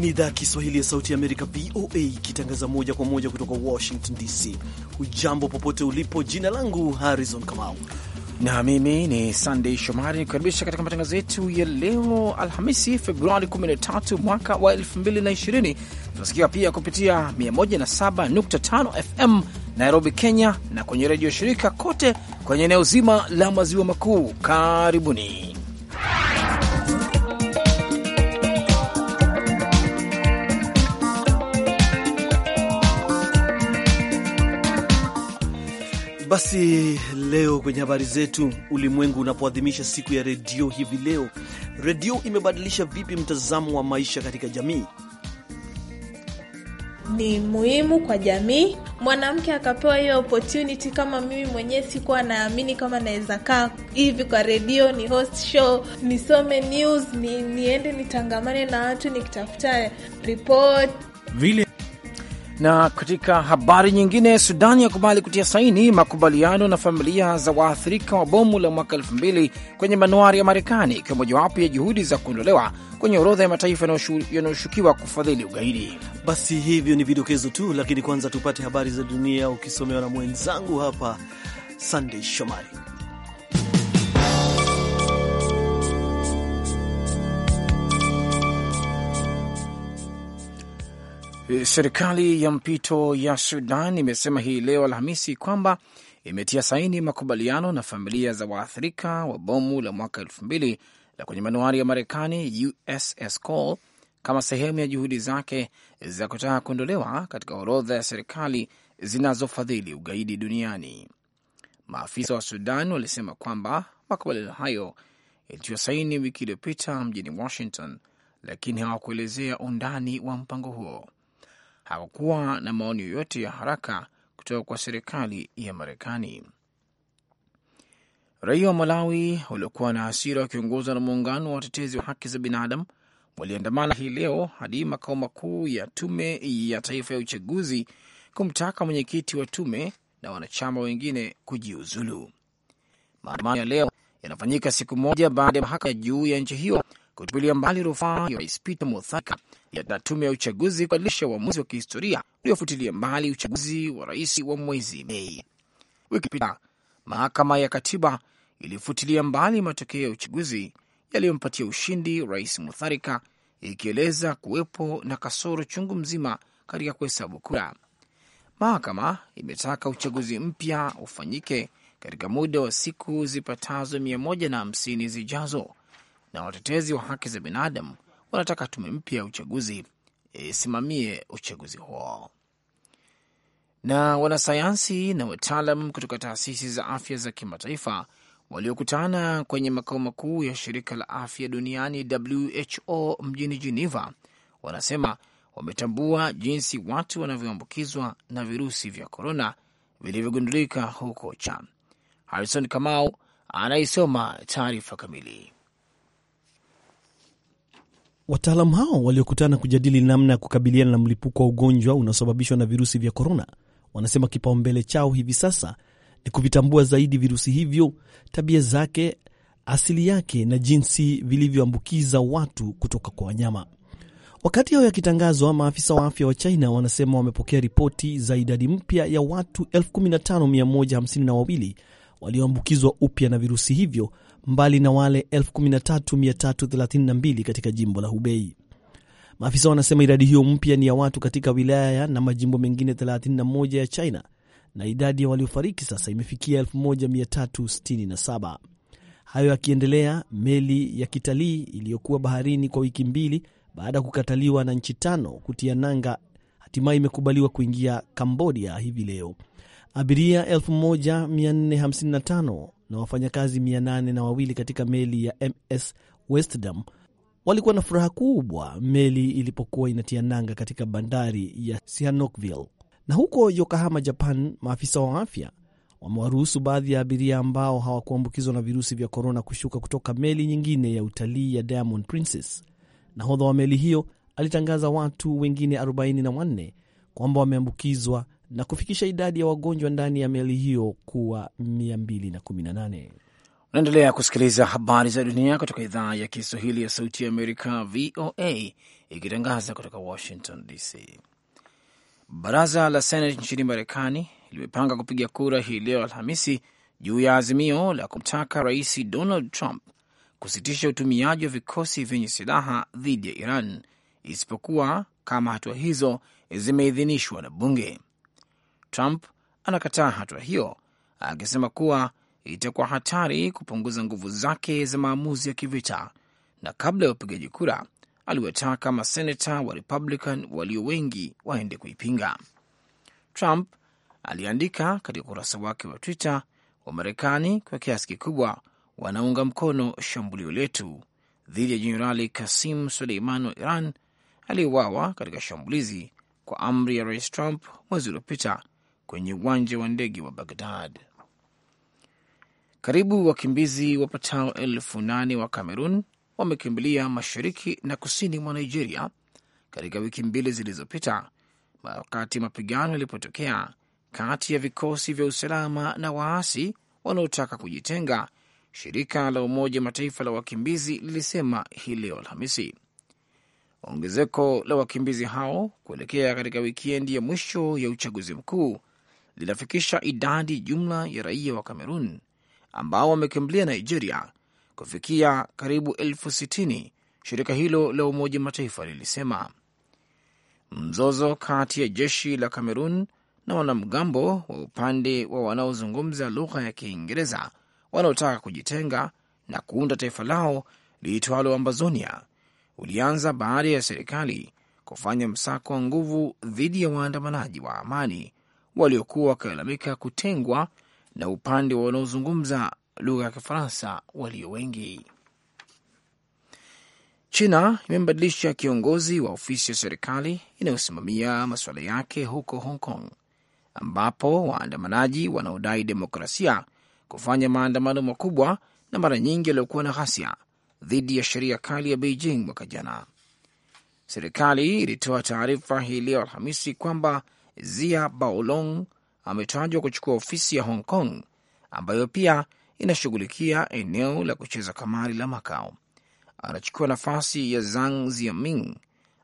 Hii ni idhaa ya Kiswahili ya Sauti ya Amerika, VOA, ikitangaza moja kwa moja kutoka Washington DC. Ujambo popote ulipo, jina langu Harrison Kamau na mimi ni Sandey Shomari nikukaribisha katika matangazo yetu ya leo Alhamisi, Februari 13 mwaka wa 2020. Tunasikia pia kupitia 107.5 FM Nairobi, Kenya, na kwenye redio shirika kote kwenye eneo zima la maziwa makuu. Karibuni. Basi leo kwenye habari zetu, ulimwengu unapoadhimisha siku ya redio hivi leo, redio imebadilisha vipi mtazamo wa maisha katika jamii? Ni muhimu kwa jamii, mwanamke akapewa hiyo opportunity. Kama mimi mwenyewe sikuwa naamini kama naweza kaa hivi kwa redio, ni host show, nisome news, ni, niende nitangamane na watu nikitafuta report vile na katika habari nyingine, Sudani yakubali kutia saini makubaliano na familia za waathirika wa bomu la mwaka elfu mbili kwenye manuari ya Marekani, ikiwa mojawapo ya juhudi za kuondolewa kwenye orodha ya mataifa yanayoshukiwa kufadhili ugaidi. Basi hivyo ni vidokezo tu, lakini kwanza tupate habari za dunia ukisomewa na mwenzangu hapa Sandey Shomari. E, serikali ya mpito ya Sudan imesema hii leo Alhamisi kwamba imetia saini makubaliano na familia za waathirika wa bomu la mwaka elfu mbili la kwenye manuari ya Marekani USS Cole kama sehemu ya juhudi zake za kutaka kuondolewa katika orodha ya serikali zinazofadhili ugaidi duniani. Maafisa wa Sudan walisema kwamba makubaliano hayo yalitiwa saini wiki iliyopita mjini Washington, lakini hawakuelezea undani wa mpango huo hakukuwa na maoni yoyote ya haraka kutoka kwa serikali ya Marekani. Raia wa Malawi waliokuwa na hasira wakiongozwa na muungano wa watetezi wa haki za binadamu waliandamana hii leo hadi makao makuu ya tume ya taifa ya uchaguzi kumtaka mwenyekiti wa tume na wanachama wengine kujiuzulu. Maandamano ya leo yanafanyika siku moja baada ya mahakama ya juu ya nchi hiyo kutupilia mbali rufaa ya rais Peter Mutharika na tume ya uchaguzi kubadilisha uamuzi wa kihistoria uliofutilia mbali uchaguzi wa rais wa mwezi Mei. Wiki pita mahakama ya katiba ilifutilia mbali matokeo ya uchaguzi yaliyompatia ushindi rais Mutharika, ikieleza kuwepo na kasoro chungu mzima katika kuhesabu kura. Mahakama imetaka uchaguzi mpya ufanyike katika muda wa siku zipatazo mia moja na hamsini zijazo, na watetezi wa haki za binadamu wanataka tume mpya ya uchaguzi eh, isimamie e, uchaguzi huo. Na wanasayansi na wataalam kutoka taasisi za afya za kimataifa waliokutana kwenye makao makuu ya shirika la afya duniani WHO mjini Geneva wanasema wametambua jinsi watu wanavyoambukizwa na virusi vya korona vilivyogundulika huko Cham. Harrison Kamau anaisoma taarifa kamili. Wataalamu hao waliokutana kujadili namna ya kukabiliana na mlipuko wa ugonjwa unaosababishwa na virusi vya korona, wanasema kipaumbele chao hivi sasa ni kuvitambua zaidi virusi hivyo, tabia zake, asili yake na jinsi vilivyoambukiza watu kutoka kwa wanyama. Wakati hayo yakitangazwa, maafisa wa afya wa China wanasema wamepokea ripoti za idadi mpya ya watu 15152 walioambukizwa upya na virusi hivyo mbali na wale 13332 katika jimbo la Hubei. Maafisa wanasema idadi hiyo mpya ni ya watu katika wilaya na majimbo mengine 31 ya China, na idadi ya waliofariki sasa imefikia 1367. Hayo yakiendelea, meli ya kitalii iliyokuwa baharini kwa wiki mbili baada ya kukataliwa na nchi tano kutia nanga, hatimaye imekubaliwa kuingia Kambodia hivi leo abiria 1455 na wafanyakazi 8 na wawili katika meli ya MS Westdam walikuwa na furaha kubwa meli ilipokuwa inatia nanga katika bandari ya Sihanoukville. Na huko Yokohama, Japan, maafisa wa afya wamewaruhusu baadhi ya abiria ambao hawakuambukizwa na virusi vya korona kushuka kutoka meli nyingine ya utalii ya Diamond Princess. Nahodha wa meli hiyo alitangaza watu wengine 44 kwamba wameambukizwa na kufikisha idadi ya wagonjwa ndani ya meli hiyo kuwa 218. Unaendelea kusikiliza habari za dunia kutoka idhaa ya Kiswahili ya Sauti ya Amerika, VOA, ikitangaza kutoka Washington DC. Baraza la Senati nchini Marekani limepanga kupiga kura hii leo Alhamisi juu ya azimio la kumtaka Rais Donald Trump kusitisha utumiaji wa vikosi vyenye silaha dhidi ya Iran isipokuwa kama hatua hizo zimeidhinishwa na bunge. Trump anakataa hatua hiyo akisema kuwa itakuwa hatari kupunguza nguvu zake za maamuzi ya kivita. Na kabla ya upigaji kura, aliwataka maseneta wa Republican walio wengi waende kuipinga. Trump aliandika katika ukurasa wake wa Twitter, Wamarekani kwa kiasi kikubwa wanaunga mkono shambulio letu dhidi ya Jenerali Kasim Suleiman wa Iran aliyeuawa katika shambulizi kwa amri ya Rais Trump mwezi uliopita kwenye uwanja wa ndege wa Bagdad. Karibu wakimbizi wapatao elfu nane wa Kamerun wamekimbilia mashariki na kusini mwa Nigeria katika wiki mbili zilizopita, wakati mapigano yalipotokea kati ya vikosi vya usalama na waasi wanaotaka kujitenga. Shirika la Umoja Mataifa la wakimbizi lilisema hii leo Alhamisi ongezeko la wakimbizi hao kuelekea katika wikendi ya mwisho ya uchaguzi mkuu linafikisha idadi jumla ya raia wa Kamerun ambao wamekimbilia Nigeria kufikia karibu elfu sitini, shirika hilo la Umoja wa Mataifa lilisema. Mzozo kati ya jeshi la Kamerun na wanamgambo wa upande wa wanaozungumza lugha ya Kiingereza wanaotaka kujitenga na kuunda taifa lao liitwalo Ambazonia ulianza baada ya serikali kufanya msako wa nguvu dhidi ya waandamanaji wa amani waliokuwa wakilalamika kutengwa na upande wa wanaozungumza lugha ya Kifaransa walio wengi. China imembadilisha kiongozi wa ofisi ya serikali inayosimamia masuala yake huko Hong Kong, ambapo waandamanaji wanaodai demokrasia kufanya maandamano makubwa na mara nyingi yaliyokuwa na ghasia dhidi ya sheria kali ya Beijing mwaka jana. Serikali ilitoa taarifa hii leo Alhamisi kwamba Zia Baolong ametajwa kuchukua ofisi ya Hong Kong ambayo pia inashughulikia eneo la kucheza kamari la makao Anachukua nafasi ya Zhang Ziaming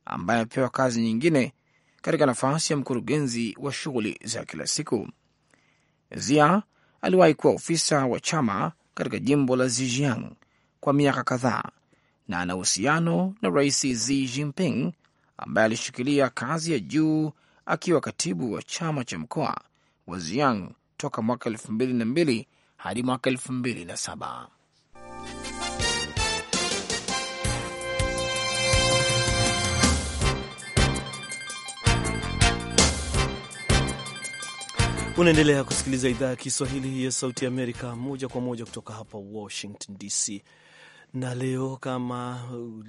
ambaye amepewa kazi nyingine katika nafasi ya mkurugenzi wa shughuli za kila siku. Zia aliwahi kuwa ofisa wa chama katika jimbo la zijiang kwa miaka kadhaa na ana uhusiano na Rais Xi Jinping ambaye alishikilia kazi ya juu akiwa katibu wa chama cha mkoa wa ziang toka mwaka elfu mbili na mbili hadi mwaka elfu mbili na saba. Unaendelea kusikiliza idhaa ya Kiswahili ya Sauti ya Amerika moja kwa moja kutoka hapa Washington DC na leo kama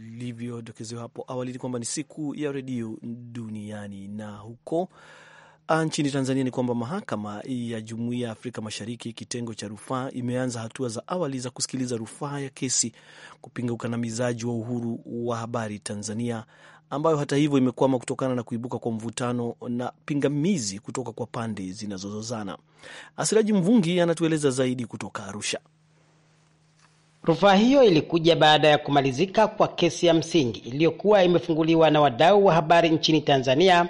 ilivyodokezewa hapo awali ni kwamba ni siku ya redio duniani, na huko ah, nchini Tanzania ni kwamba mahakama ya Jumuiya ya Afrika Mashariki kitengo cha rufaa imeanza hatua za awali za kusikiliza rufaa ya kesi kupinga ukandamizaji wa uhuru wa habari Tanzania, ambayo hata hivyo imekwama kutokana na kuibuka kwa mvutano na pingamizi kutoka kwa pande zinazozozana. Asiraji Mvungi anatueleza zaidi kutoka Arusha. Rufaa hiyo ilikuja baada ya kumalizika kwa kesi ya msingi iliyokuwa imefunguliwa na wadau wa habari nchini Tanzania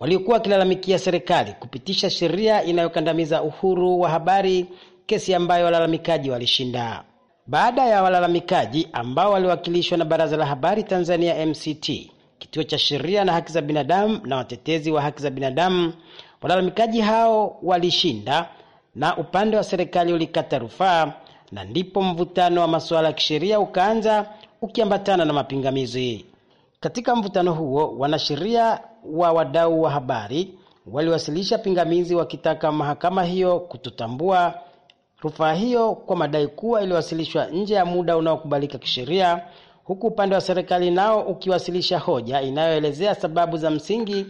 waliokuwa wakilalamikia serikali kupitisha sheria inayokandamiza uhuru wa habari, kesi ambayo walalamikaji walishinda. Baada ya walalamikaji ambao waliwakilishwa na Baraza la Habari Tanzania MCT, Kituo cha Sheria na Haki za Binadamu na watetezi wa haki za binadamu, walalamikaji hao walishinda na upande wa serikali ulikata rufaa na ndipo mvutano wa masuala ya kisheria ukaanza ukiambatana na mapingamizi. Katika mvutano huo, wanasheria wa wadau wa habari waliwasilisha pingamizi wakitaka mahakama hiyo kutotambua rufaa hiyo kwa madai kuwa iliwasilishwa nje ya muda unaokubalika kisheria, huku upande wa serikali nao ukiwasilisha hoja inayoelezea sababu za msingi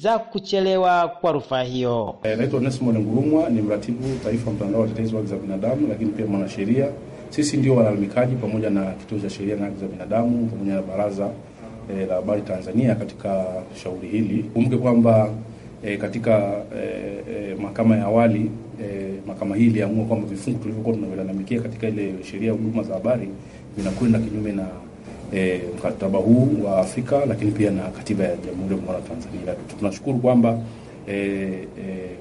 za kuchelewa kwa rufaa hiyo. Eh, naitwa Onesmo Ngurumwa, ni mratibu taifa mtandao wa watetezi wa haki za binadamu, lakini pia mwanasheria. Sisi ndio walalamikaji pamoja na kituo cha sheria na haki za binadamu pamoja na baraza e, la habari Tanzania katika shauri hili. Kumbuke kwamba e, katika e, e, mahakama ya awali e, mahakama hii iliamua kwamba vifungu tulivyokuwa tunavilalamikia katika ile sheria ya huduma za habari vinakwenda kinyume na e, mkataba huu wa Afrika, lakini pia na katiba ya Jamhuri ya Muungano wa Tanzania. Tunashukuru kwamba e, e,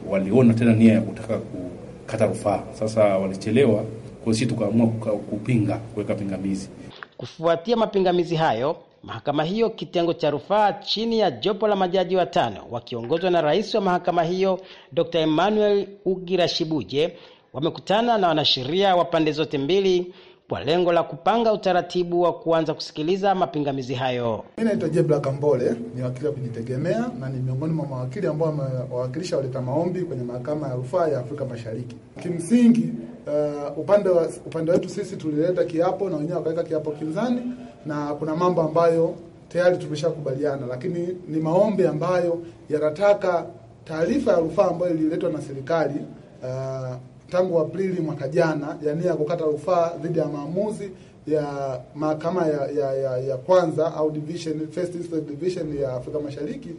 waliona tena nia ya kutaka kukata rufaa. Sasa walichelewa, kwa sisi tukaamua kupinga, kuweka pingamizi. Kufuatia mapingamizi hayo, mahakama hiyo kitengo cha rufaa chini ya jopo la majaji watano wakiongozwa na rais wa mahakama hiyo Dr. Emmanuel Ugirashibuje wamekutana na wanasheria wa pande zote mbili kwa lengo la kupanga utaratibu wa kuanza kusikiliza mapingamizi hayo. Mi naitwa Jebla Kambole, ni wakili wa kujitegemea na ni miongoni mwa mawakili ambao wamewakilisha waleta maombi kwenye mahakama ya rufaa ya Afrika Mashariki. Kimsingi uh, upande wa, upande wetu sisi tulileta kiapo na wenyewe wakaweka kiapo kinzani na kuna mambo ambayo tayari tumeshakubaliana, lakini ni maombi ambayo yanataka taarifa ya rufaa ambayo ililetwa na serikali uh, tangu Aprili mwaka jana jamii ya kukata rufaa dhidi ya maamuzi ya mahakama ya, ya, ya, ya kwanza au division first instance division ya Afrika Mashariki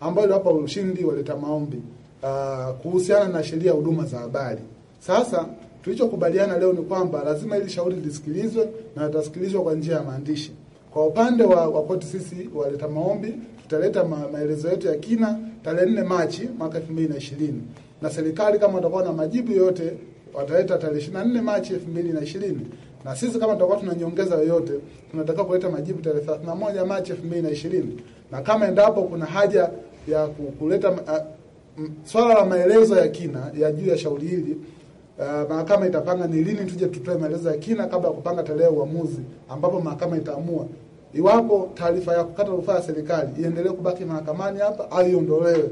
ambayo iliwapa ushindi waleta maombi uh, kuhusiana na sheria ya huduma za habari. Sasa tulichokubaliana leo ni kwamba lazima ili shauri lisikilizwe na litasikilizwa kwa njia ya maandishi. Kwa upande wa, wa koti sisi waleta maombi tutaleta ma, maelezo yetu ya kina tarehe 4 Machi mwaka 2020 na serikali kama watakuwa na majibu yoyote wataleta tarehe 24 Machi 2020 na sisi kama tutakuwa tuna nyongeza yoyote tunataka kuleta majibu tarehe 31 Machi 2020 na kama endapo kuna haja ya kuleta uh, swala la maelezo ya kina ya juu ya shauri hili uh, mahakama itapanga ni lini tuje tutoe maelezo ya kina kabla ya kupanga tarehe ya uamuzi ambapo mahakama itaamua iwapo taarifa ya kukata rufaa ya serikali iendelee kubaki mahakamani hapa au iondolewe.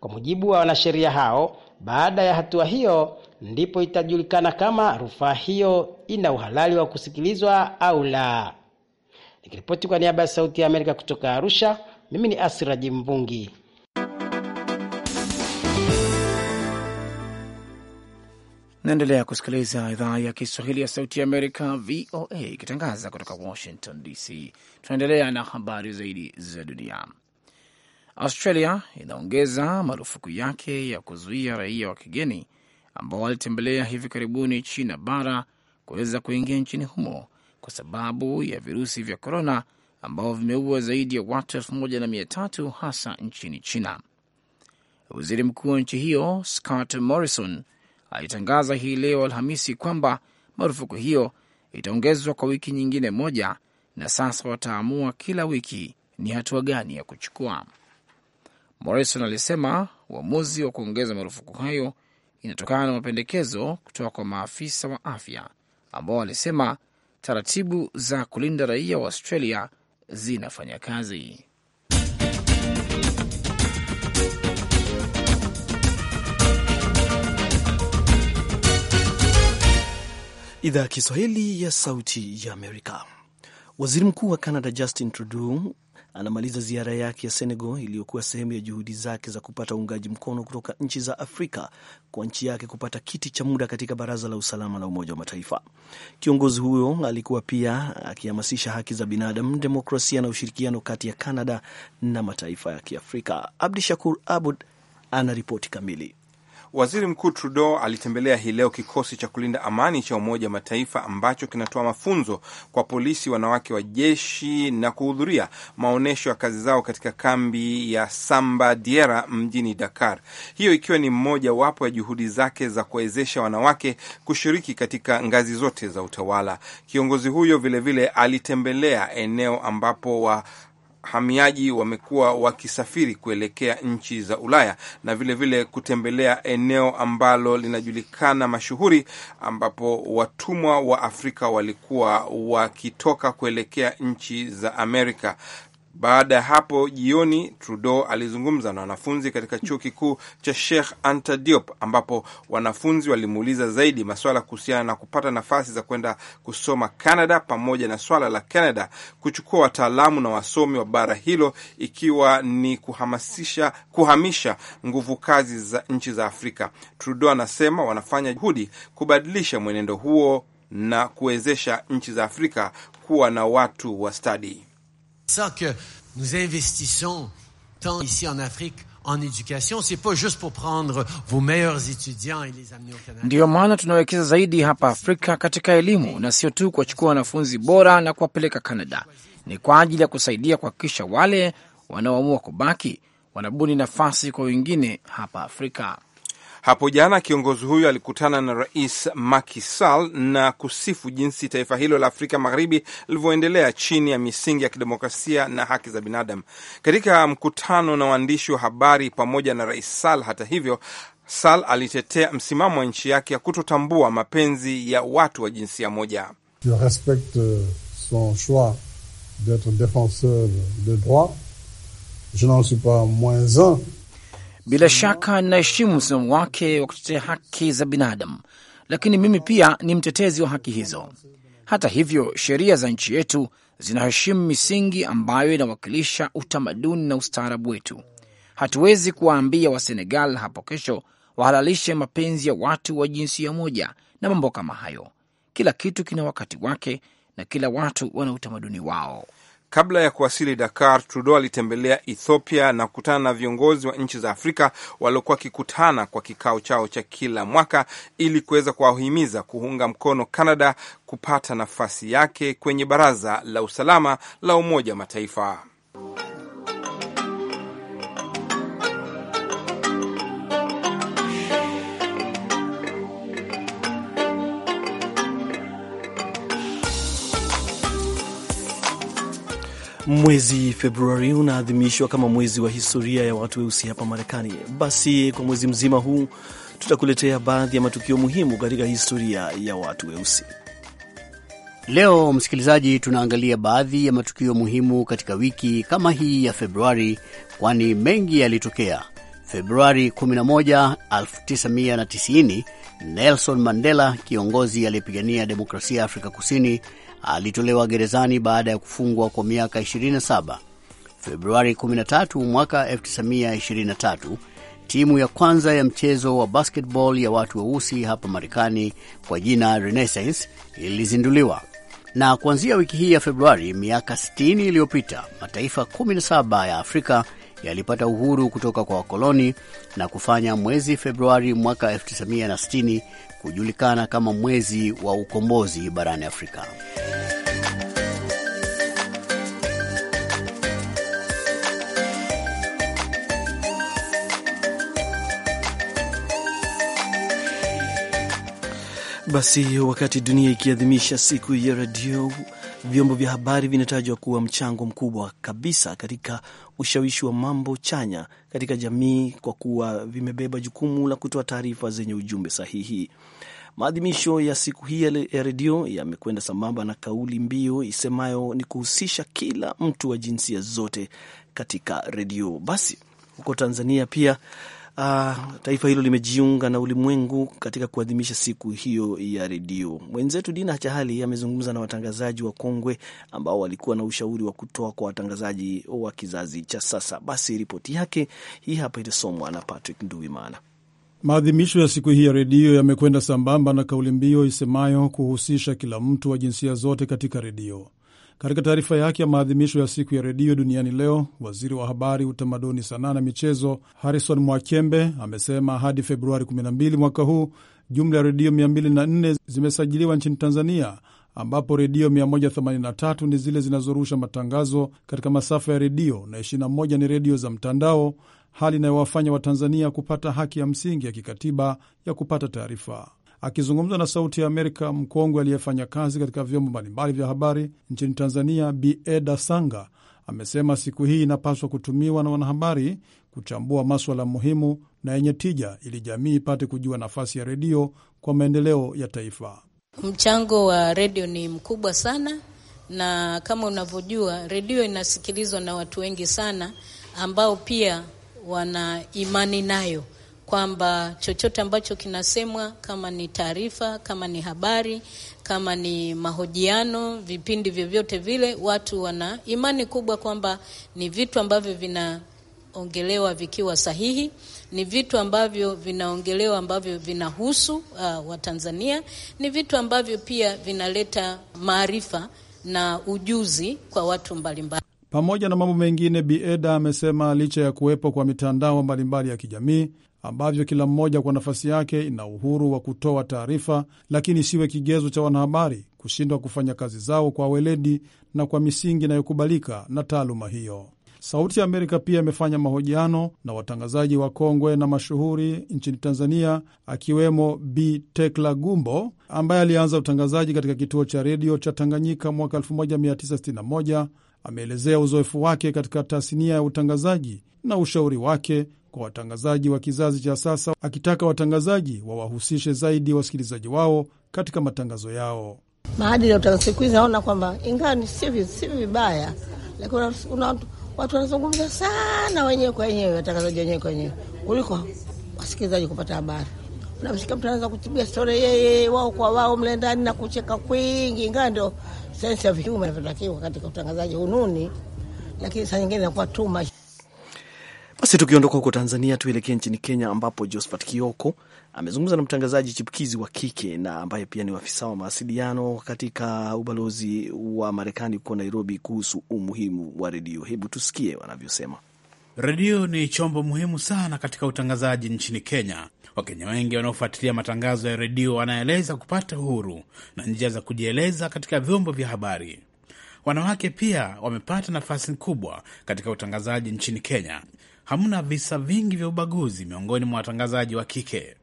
Kwa mujibu wa wanasheria hao, baada ya hatua hiyo ndipo itajulikana kama rufaa hiyo ina uhalali wa kusikilizwa au la. Nikiripoti kwa niaba ya Sauti ya Amerika kutoka Arusha, mimi ni asiraji mvungi Naendelea kusikiliza idhaa ya Kiswahili ya Sauti ya Amerika, VOA, ikitangaza kutoka Washington DC. Tunaendelea na habari zaidi za dunia. Australia inaongeza marufuku yake ya kuzuia raia wa kigeni ambao walitembelea hivi karibuni China bara kuweza kuingia nchini humo kwa sababu ya virusi vya korona ambao vimeua zaidi ya watu elfu moja na mia tatu hasa nchini China. Waziri mkuu wa nchi hiyo Scott Morrison alitangaza hii leo Alhamisi kwamba marufuku hiyo itaongezwa kwa wiki nyingine moja, na sasa wataamua kila wiki ni hatua gani ya kuchukua. Morrison alisema uamuzi wa kuongeza marufuku hayo inatokana na mapendekezo kutoka kwa maafisa wa afya ambao walisema taratibu za kulinda raia wa Australia zinafanya kazi. Idhaa ya Kiswahili ya Sauti ya Amerika. Waziri Mkuu wa Canada Justin Trudeau anamaliza ziara yake ya Senegal iliyokuwa sehemu ya juhudi zake za kupata uungaji mkono kutoka nchi za Afrika kwa nchi yake kupata kiti cha muda katika Baraza la Usalama la Umoja wa Mataifa. Kiongozi huyo alikuwa pia akihamasisha haki za binadamu, demokrasia na ushirikiano kati ya canada na mataifa ya Kiafrika. Abdi Shakur Abud ana ripoti kamili. Waziri Mkuu Trudeau alitembelea hii leo kikosi cha kulinda amani cha Umoja wa Mataifa ambacho kinatoa mafunzo kwa polisi wanawake wa jeshi na kuhudhuria maonyesho ya kazi zao katika kambi ya Samba Diera mjini Dakar, hiyo ikiwa ni mmoja wapo ya juhudi zake za kuwawezesha wanawake kushiriki katika ngazi zote za utawala. Kiongozi huyo vilevile vile alitembelea eneo ambapo wa wahamiaji wamekuwa wakisafiri kuelekea nchi za Ulaya na vilevile vile kutembelea eneo ambalo linajulikana mashuhuri ambapo watumwa wa Afrika walikuwa wakitoka kuelekea nchi za Amerika. Baada ya hapo jioni, Trudeau alizungumza na wanafunzi katika chuo kikuu cha Sheikh Anta Diop, ambapo wanafunzi walimuuliza zaidi maswala kuhusiana na kupata nafasi za kwenda kusoma Canada, pamoja na swala la Canada kuchukua wataalamu na wasomi wa bara hilo, ikiwa ni kuhamasisha kuhamisha nguvu kazi za nchi za Afrika. Trudeau anasema wanafanya juhudi kubadilisha mwenendo huo na kuwezesha nchi za Afrika kuwa na watu wa stadi ça que nous investissons tant ici en Afrique en éducation, c'est pas juste pour prendre vos meilleurs étudiants et les amener au Canada. Ndio maana tunawekeza zaidi hapa Afrika katika elimu na sio tu kuwachukua wanafunzi bora na kuwapeleka Canada. Ni kwa ajili ya kusaidia kuhakikisha wale wanaoamua kubaki wanabuni nafasi kwa wengine hapa Afrika. Hapo jana kiongozi huyo alikutana na Rais Macky Sall na kusifu jinsi taifa hilo la Afrika Magharibi lilivyoendelea chini ya misingi ya kidemokrasia na haki za binadamu. Katika mkutano na waandishi wa habari pamoja na Rais Sall, hata hivyo Sal alitetea msimamo wa nchi yake ya kutotambua mapenzi ya watu wa jinsia moja. Je respecte son choix d'etre defenseur de droit je n'en suis pas moins un bila shaka ninaheshimu msimamo wake wa kutetea haki za binadamu, lakini mimi pia ni mtetezi wa haki hizo. Hata hivyo, sheria za nchi yetu zinaheshimu misingi ambayo inawakilisha utamaduni na ustaarabu wetu. Hatuwezi kuwaambia Wasenegal hapo kesho wahalalishe mapenzi ya watu wa jinsia moja na mambo kama hayo. Kila kitu kina wakati wake na kila watu wana utamaduni wao. Kabla ya kuwasili Dakar, Trudeau alitembelea Ethiopia na kukutana na viongozi wa nchi za Afrika waliokuwa wakikutana kwa kikao chao cha kila mwaka ili kuweza kuwahimiza kuunga mkono Canada kupata nafasi yake kwenye Baraza la Usalama la Umoja Mataifa. Mwezi Februari unaadhimishwa kama mwezi wa historia ya watu weusi hapa Marekani. Basi kwa mwezi mzima huu tutakuletea baadhi ya matukio muhimu katika historia ya watu weusi. Leo msikilizaji, tunaangalia baadhi ya matukio muhimu katika wiki kama hii ya Februari, kwani mengi yalitokea. Februari 11, 1990, Nelson Mandela, kiongozi aliyepigania demokrasia Afrika Kusini, alitolewa gerezani baada ya kufungwa kwa miaka 27. Februari 13 mwaka 1923, timu ya kwanza ya mchezo wa basketball ya watu weusi hapa Marekani kwa jina Renaissance ilizinduliwa na kuanzia wiki hii ya Februari, miaka 60 iliyopita, mataifa 17 ya Afrika yalipata uhuru kutoka kwa wakoloni na kufanya mwezi Februari mwaka 1960 kujulikana kama mwezi wa ukombozi barani Afrika. Basi wakati dunia ikiadhimisha siku ya redio Vyombo vya habari vinatajwa kuwa mchango mkubwa kabisa katika ushawishi wa mambo chanya katika jamii kwa kuwa vimebeba jukumu la kutoa taarifa zenye ujumbe sahihi. Maadhimisho ya siku hii ya redio yamekwenda sambamba na kauli mbiu isemayo ni kuhusisha kila mtu wa jinsia zote katika redio. Basi huko Tanzania pia Uh, taifa hilo limejiunga na ulimwengu katika kuadhimisha siku hiyo ya redio. Mwenzetu Dina Chahali amezungumza na watangazaji wa kongwe ambao walikuwa na ushauri wa kutoa kwa watangazaji wa kizazi cha sasa. Basi ripoti yake hii hapa itasomwa na Patrick Nduwimana. Maadhimisho ya siku hii ya redio yamekwenda sambamba na kauli mbiu isemayo kuhusisha kila mtu wa jinsia zote katika redio. Katika taarifa yake ya maadhimisho ya siku ya redio duniani leo, waziri wa habari, utamaduni, sanaa na michezo Harrison Mwakembe amesema hadi Februari 12 mwaka huu jumla ya redio 204 zimesajiliwa nchini Tanzania, ambapo redio 183 ni zile zinazorusha matangazo katika masafa ya redio na 21 ni redio za mtandao, hali inayowafanya Watanzania kupata haki ya msingi ya kikatiba ya kupata taarifa. Akizungumza na Sauti ya Amerika, mkongwe aliyefanya kazi katika vyombo mbalimbali vya habari nchini Tanzania, Bi Sanga amesema siku hii inapaswa kutumiwa na wanahabari kuchambua maswala muhimu na yenye tija ili jamii ipate kujua nafasi ya redio kwa maendeleo ya taifa. Mchango wa redio ni mkubwa sana, na kama unavyojua redio inasikilizwa na watu wengi sana ambao pia wana imani nayo kwamba chochote ambacho kinasemwa, kama ni taarifa, kama ni habari, kama ni mahojiano, vipindi vyovyote vile, watu wana imani kubwa kwamba ni vitu ambavyo vinaongelewa vikiwa sahihi, ni vitu ambavyo vinaongelewa ambavyo vinahusu uh, Watanzania, ni vitu ambavyo pia vinaleta maarifa na ujuzi kwa watu mbalimbali. Pamoja na mambo mengine, bieda amesema licha ya kuwepo kwa mitandao mbalimbali ya kijamii, ambavyo kila mmoja kwa nafasi yake ina uhuru wa kutoa taarifa, lakini siwe kigezo cha wanahabari kushindwa kufanya kazi zao kwa weledi na kwa misingi inayokubalika na taaluma hiyo. Sauti ya Amerika pia imefanya mahojiano na watangazaji wa kongwe na mashuhuri nchini Tanzania, akiwemo Bi Tekla Gumbo ambaye alianza utangazaji katika kituo cha redio cha Tanganyika mwaka 1961. Ameelezea uzoefu wake katika tasnia ya utangazaji na ushauri wake kwa watangazaji wa kizazi cha sasa, akitaka watangazaji wawahusishe zaidi wasikilizaji wao katika matangazo yao. Maadili ya utangazaji siku hizi naona kwamba ingawa ni si vibaya, lakini watu wanazungumza sana wenyewe kwa wenyewe, watangazaji wenyewe kwa wenyewe kuliko wasikilizaji kupata habari. Unamsikia mtu anaweza kutibia stori yeye wao kwa wao mle ndani na kucheka kwingi, ingawa ndio sensi ya vyuma inavyotakiwa katika utangazaji ununi, lakini saa nyingine inakuwa too much. Basi tukiondoka huko Tanzania, tuelekee nchini Kenya ambapo Josphat Kioko amezungumza na mtangazaji chipukizi wa kike na ambaye pia ni afisa wa mawasiliano katika ubalozi wa Marekani huko Nairobi kuhusu umuhimu wa redio. Hebu tusikie wanavyosema. Redio ni chombo muhimu sana katika utangazaji nchini Kenya. Wakenya wengi wanaofuatilia matangazo ya redio wanaeleza kupata uhuru na njia za kujieleza katika vyombo vya habari. Wanawake pia wamepata nafasi kubwa katika utangazaji nchini Kenya hamna visa vingi vya ubaguzi miongoni mwa watangazaji wa kike.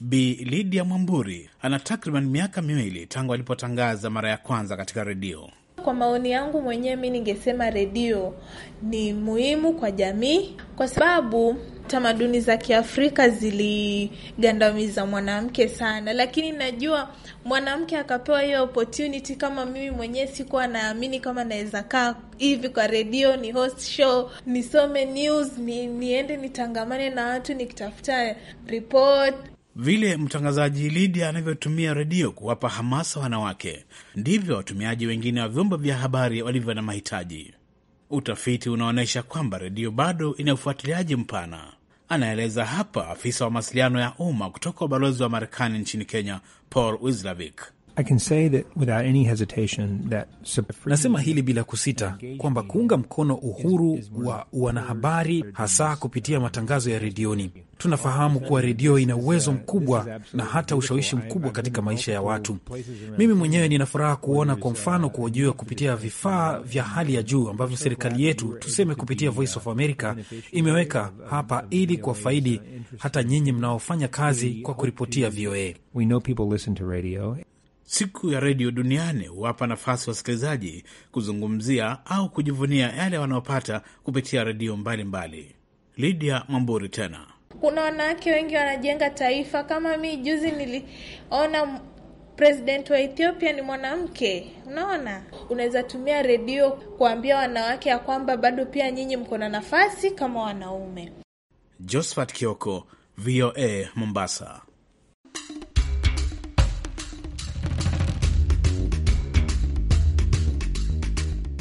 Bi lidia Mwamburi ana takriban miaka miwili tangu alipotangaza mara ya kwanza katika redio. Kwa maoni yangu mwenyewe, mi ningesema redio ni muhimu kwa jamii kwa sababu tamaduni za Kiafrika ziligandamiza mwanamke sana, lakini najua mwanamke akapewa hiyo opportunity. Kama mimi mwenyewe sikuwa naamini kama naweza kaa hivi kwa redio ni host show, nisome news, ni, niende nitangamane na watu nikitafuta report vile mtangazaji Lidia anavyotumia redio kuwapa hamasa wanawake, ndivyo watumiaji wengine wa vyombo vya habari walivyo na mahitaji. Utafiti unaonyesha kwamba redio bado ina ufuatiliaji mpana anaeleza hapa afisa wa mawasiliano ya umma kutoka ubalozi wa Marekani nchini Kenya, Paul Wislavik. Nasema hili bila kusita kwamba kuunga mkono uhuru wa wanahabari hasa kupitia matangazo ya redioni. Tunafahamu kuwa redio ina uwezo mkubwa na hata ushawishi mkubwa katika maisha ya watu. Mimi mwenyewe nina furaha kuona kwa mfano kuwajiwa kupitia vifaa vya hali ya juu ambavyo serikali yetu, tuseme kupitia Voice of America, imeweka hapa ili kuwafaidi hata nyinyi mnaofanya kazi kwa kuripotia VOA. We know people listen to radio. Siku ya Redio Duniani huwapa nafasi wasikilizaji kuzungumzia au kujivunia yale wanaopata kupitia redio mbalimbali. lidia Mwamburi tena kuna wanawake wengi wanajenga taifa. Kama mi juzi niliona president wa Ethiopia ni mwanamke. Unaona, unaweza tumia redio kuambia wanawake ya kwamba bado pia nyinyi mko na nafasi kama wanaume. Josephat Kioko, VOA Mombasa.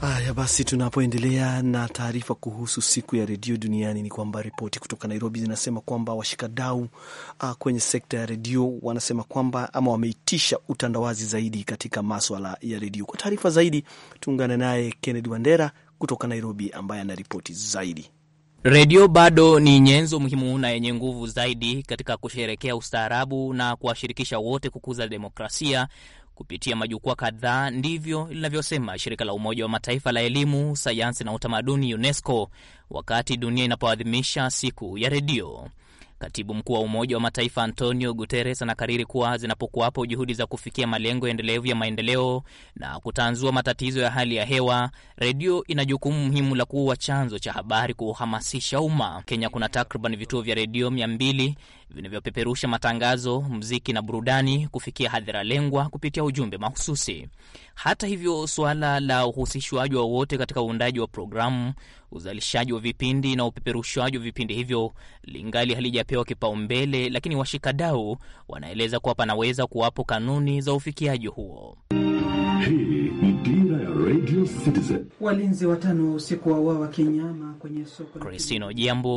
Haya basi, tunapoendelea na taarifa kuhusu siku ya redio duniani ni kwamba ripoti kutoka Nairobi zinasema kwamba washikadau ah, kwenye sekta ya redio wanasema kwamba ama wameitisha utandawazi zaidi katika maswala ya redio. Kwa taarifa zaidi, tuungane naye Kennedy Wandera kutoka Nairobi ambaye ana ripoti zaidi. Redio bado ni nyenzo muhimu na yenye nguvu zaidi katika kusherekea ustaarabu na kuwashirikisha wote kukuza demokrasia kupitia majukwaa kadhaa. Ndivyo linavyosema shirika la Umoja wa Mataifa la elimu, sayansi na utamaduni, UNESCO, wakati dunia inapoadhimisha siku ya redio. Katibu mkuu wa Umoja wa Mataifa Antonio Guterres anakariri kuwa zinapokuwapo juhudi za kufikia malengo endelevu ya maendeleo na kutanzua matatizo ya hali ya hewa, redio ina jukumu muhimu la kuwa chanzo cha habari, kuhamasisha umma. Kenya kuna takriban vituo vya redio mia mbili vinavyopeperusha matangazo, mziki na burudani kufikia hadhira lengwa kupitia ujumbe mahususi. Hata hivyo, suala la uhusishwaji wowote katika uundaji wa programu, uzalishaji wa vipindi na upeperushwaji wa vipindi hivyo lingali halijapewa kipaumbele, lakini washikadau wanaeleza kuwa panaweza kuwapo kanuni za ufikiaji huo. Hii Walinzi watano usiku wa uawa kinyama kwenye soko. Christine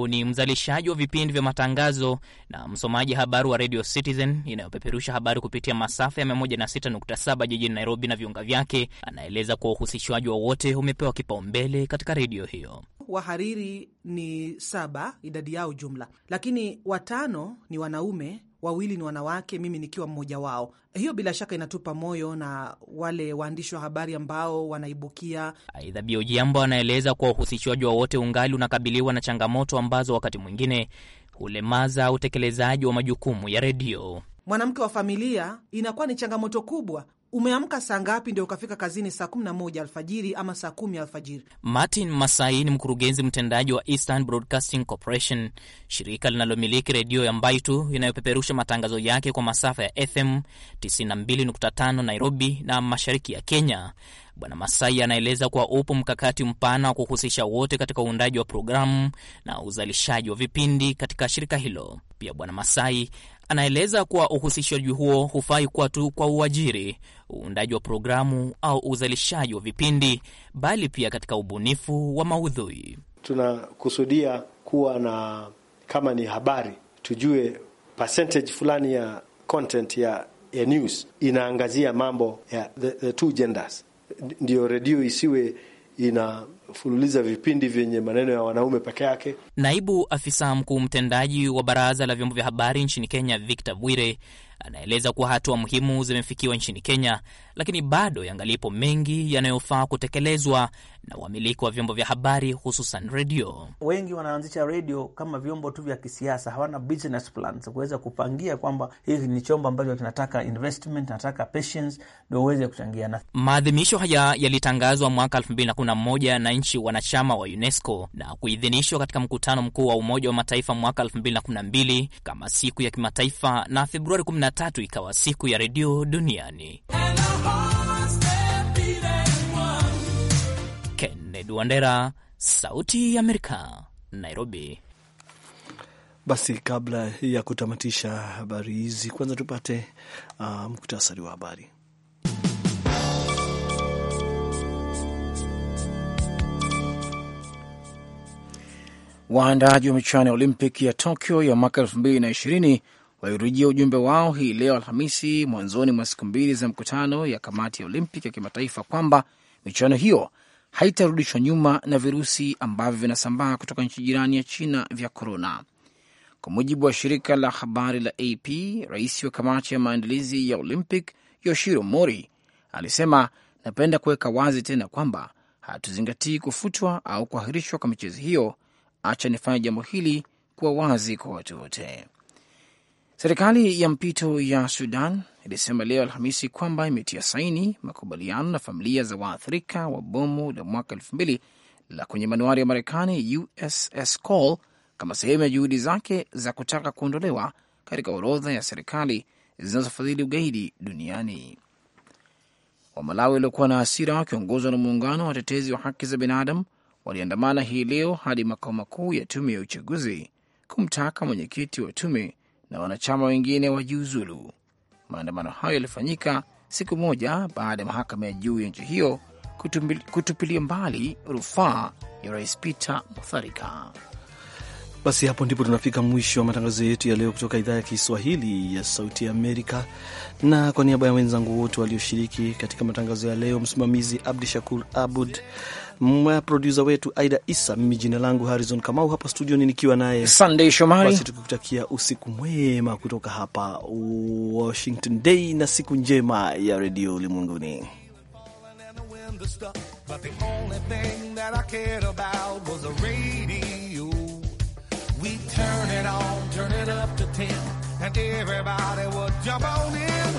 ni mzalishaji wa vipindi vya matangazo na msomaji habari wa Radio Citizen inayopeperusha habari kupitia masafa ya 106.7 jijini Nairobi na viunga vyake. Anaeleza kuwa uhusishwaji wowote umepewa kipaumbele katika redio hiyo. Wahariri ni saba idadi yao jumla, lakini watano ni wanaume wawili ni wanawake, mimi nikiwa mmoja wao. Hiyo bila shaka inatupa moyo na wale waandishi wa habari ambao wanaibukia. Aidha, Biojiambo anaeleza kuwa uhusishwaji wawote ungali unakabiliwa na changamoto ambazo wakati mwingine hulemaza utekelezaji wa majukumu ya redio. Mwanamke wa familia inakuwa ni changamoto kubwa, Umeamka saa ngapi ndio ukafika kazini? Saa moja alfajiri ama saa kumi alfajiri? Martin Masai ni mkurugenzi mtendaji wa Eastern Broadcasting Corporation, shirika linalomiliki redio ya Mbaitu inayopeperusha matangazo yake kwa masafa ya FM 92.5 Nairobi na mashariki ya Kenya. Bwana Masai anaeleza kuwa upo mkakati mpana wa kuhusisha wote katika uundaji wa programu na uzalishaji wa vipindi katika shirika hilo. Pia Bwana Masai anaeleza kuwa uhusishaji huo hufai kuwa tu kwa uajiri, uundaji wa programu au uzalishaji wa vipindi, bali pia katika ubunifu wa maudhui. Tunakusudia kuwa na kama ni habari, tujue percentage fulani ya content ya, ya news inaangazia mambo ya the, the two genders ndiyo redio isiwe inafululiza vipindi vyenye maneno ya wanaume peke yake. Naibu afisa mkuu mtendaji wa baraza la vyombo vya habari nchini Kenya Victor Bwire anaeleza kuwa hatua muhimu zimefikiwa nchini Kenya, lakini bado yangalipo mengi yanayofaa kutekelezwa na wamiliki wa vyombo vya habari, hususan redio. Wengi wanaanzisha redio kama vyombo tu vya kisiasa, hawana business plans kuweza kupangia kwamba hii ni chombo ambacho kinataka investment, nataka patience ndio uweze Na Maadhimisho haya yalitangazwa mwaka 2011 na nchi wanachama wa UNESCO na kuidhinishwa katika mkutano mkuu wa Umoja wa Mataifa mwaka 2012 kama siku ya kimataifa na Februari 2023 ikawa siku ya redio duniani. Kennedy Wandera, Sauti ya Amerika, Nairobi. Basi kabla ya kutamatisha habari hizi, kwanza tupate uh, muktasari wa habari. Waandaaji wa michuano ya Olimpiki ya Tokyo ya mwaka 2020 walirujia ujumbe wao hii leo Alhamisi mwanzoni mwa siku mbili za mkutano ya kamati ya Olimpiki ya kimataifa kwamba michuano hiyo haitarudishwa nyuma na virusi ambavyo vinasambaa kutoka nchi jirani ya China vya korona. Kwa mujibu wa shirika la habari la AP, rais wa kamati ya maandalizi ya Olympic Yoshiro Mori alisema, napenda kuweka wazi tena kwamba hatuzingatii kufutwa au kuahirishwa kwa michezo hiyo. Acha nifanye jambo hili kuwa wazi kwa watu wote. Serikali ya mpito ya Sudan ilisema leo Alhamisi kwamba imetia saini makubaliano na familia za waathirika wa bomu la mwaka elfu mbili la kwenye manuari ya Marekani USS Cole kama sehemu ya juhudi zake za kutaka kuondolewa katika orodha ya serikali zinazofadhili ugaidi duniani. Wamalawi waliokuwa na hasira wakiongozwa na muungano wa watetezi wa haki za binadamu waliandamana hii leo hadi makao makuu ya tume ya uchaguzi kumtaka mwenyekiti wa tume na wanachama wengine wajiuzulu. Maandamano hayo yalifanyika siku moja baada ya mahakama ya juu ya nchi hiyo kutupilia mbali rufaa ya rais Peter Mutharika. Basi hapo ndipo tunafika mwisho wa matangazo yetu ya leo kutoka idhaa ya Kiswahili ya Sauti ya Amerika, na kwa niaba ya wenzangu wote walioshiriki katika matangazo ya leo, msimamizi Abdi Shakur Abud, produsa wetu Aida Isa, mimi jina langu Harrison Kamau, hapa studioni nikiwa naye Sunday Shomari. Basi tukikutakia usiku mwema kutoka hapa Washington Day na siku njema ya redio ulimwenguni. turn it on, turn it up to ten, and everybody would jump on in.